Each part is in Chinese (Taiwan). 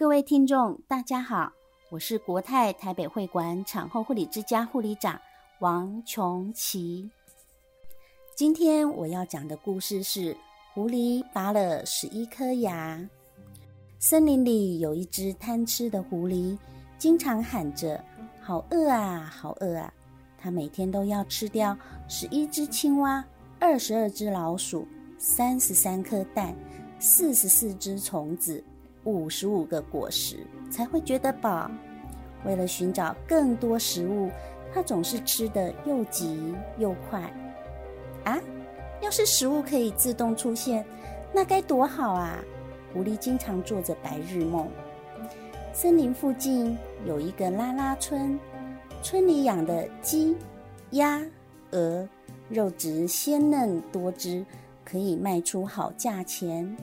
各位聽眾，大家好，我是國泰台北會館產後護理之家護理長王瓊琪。今天我要講的故事是《狐狸拔了十一顆牙》。森林裡有一隻貪吃的狐狸，經常喊着：“好餓啊，好餓啊！”它每天都要吃掉十一隻青蛙、二十二隻老鼠、三十三顆蛋、四十四隻蟲子。五十五個果實才會覺得飽。為了尋找更多食物，牠總是吃得又急又快。啊，要是食物可以自動出現，那該多好啊！狐狸經常做着白日夢。森林附近有一個拉拉村，村裡養的雞、鴨、鵝，肉質鮮嫩多汁，可以賣出好價錢。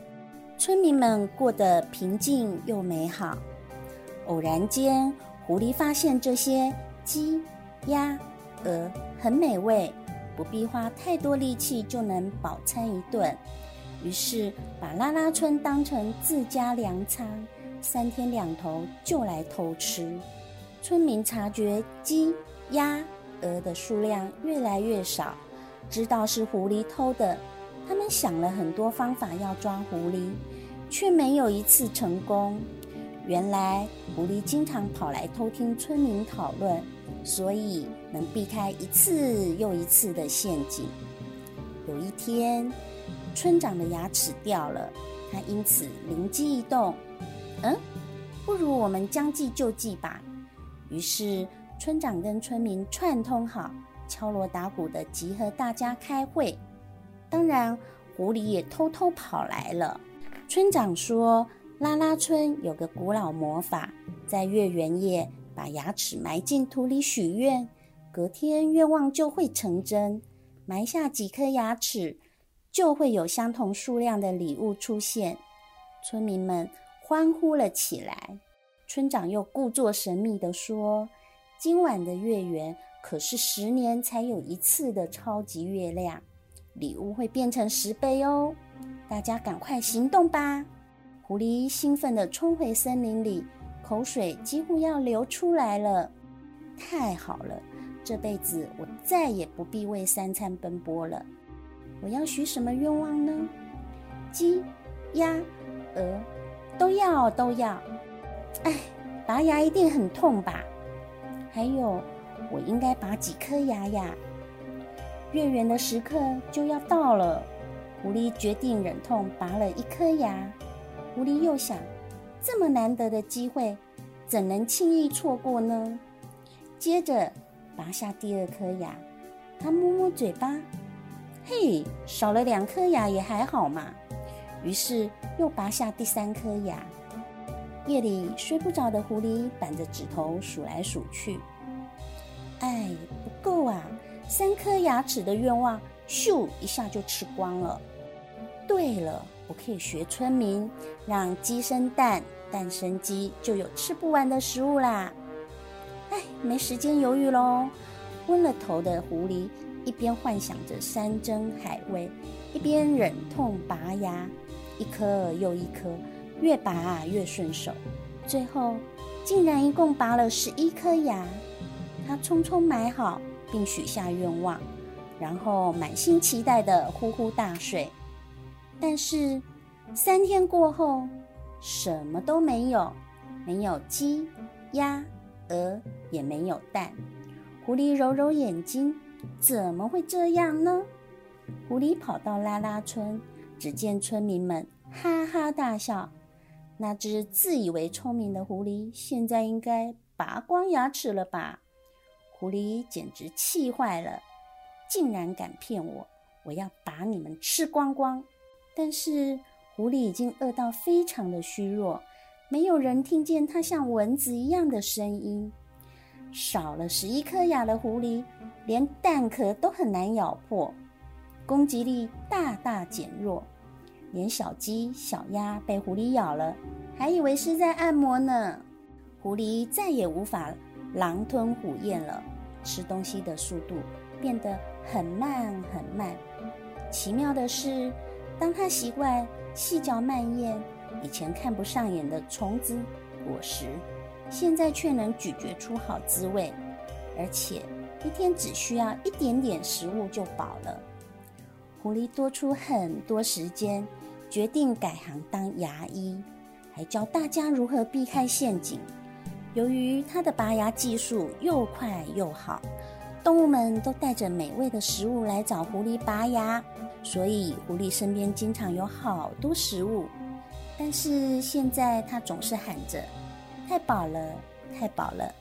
村民們過得平靜又美好。偶然間，狐狸發現這些雞、鴨、鵝很美味，不必花太多力氣就能飽餐一頓，於是把拉拉村當成自家糧倉，三天兩頭就來偷吃。村民察覺雞、鴨、鵝的數量越來越少，知道是狐狸偷的。想了很多方法要抓狐狸，卻沒有一次成功。原來狐狸經常跑來偷聽村民討論，所以能避開一次又一次的陷阱。有一天，村長的牙齒掉了，他因此靈機一動：“嗯，不如我們將計就計吧。”於是，村長跟村民串通好，敲鑼打鼓地集合大家開會。當然，狐狸也偷偷跑來了。村長說：“拉拉村有個古老魔法，在月圓夜把牙齒埋進土裡許願，隔天願望就會成真。埋下幾顆牙齒，就會有相同數量的禮物出現。”村民們歡呼了起來。村長又故作神秘地說：“今晚的月圓可是十年才有一次的超級月亮。”禮物會變成十倍哦，大家趕快行動吧！狐狸興奮地衝回森林裡，口水幾乎要流出來了。太好了，這輩子我再也不必為三餐奔波了。我要許什麼願望呢？雞、鴨、鵝都要都要。哎，拔牙一定很痛吧？還有，我應該拔幾顆牙呀？月圓的時刻就要到了，狐狸決定忍痛拔了一顆牙。狐狸又想，這麼難得的機會，怎能輕易錯過呢？接着拔下第二顆牙，它摸摸嘴巴，嘿，少了兩顆牙也還好嘛。於是又拔下第三顆牙。夜裡睡不着的狐狸，板着指頭數來數去，哎，不夠啊。三顆牙齒的願望，咻一下就吃光了。對了，我可以學村民，讓雞生蛋，蛋生雞，就有吃不完的食物啦。哎，沒時間猶豫咯。昏了頭的狐狸一邊幻想着山珍海味，一邊忍痛拔牙，一顆又一顆，越拔、啊、越順手，最後竟然一共拔了十一顆牙。他匆匆埋好。並許下願望，然後滿心期待地呼呼大睡。但是三天過後，什麼都沒有，沒有雞、鴨、鵝，也沒有蛋。狐狸揉揉眼睛，怎麼會這樣呢？狐狸跑到拉拉村，只見村民們哈哈大笑。那只自以為聰明的狐狸，現在應該拔光牙齒了吧？狐狸簡直氣壞了，竟然敢騙我！我要把你們吃光光！但是狐狸已經餓到非常的虛弱，沒有人聽見它像蚊子一樣的聲音。少了十一顆牙的狐狸，連蛋殼都很難咬破，攻擊力大大減弱。連小雞、小鴨被狐狸咬了，還以為是在按摩呢。狐狸再也無法。狼吞虎嚥了，吃東西的速度變得很慢很慢。奇妙的是，當他習慣細嚼慢嚥，以前看不上眼的蟲子、果實，現在卻能咀嚼出好滋味，而且一天只需要一點點食物就飽了。狐狸多出很多時間，決定改行當牙醫，還教大家如何避開陷阱。由於它的拔牙技術又快又好，動物們都帶着美味的食物來找狐狸拔牙，所以狐狸身邊經常有好多食物。但是現在它總是喊着：“太飽了，太飽了。”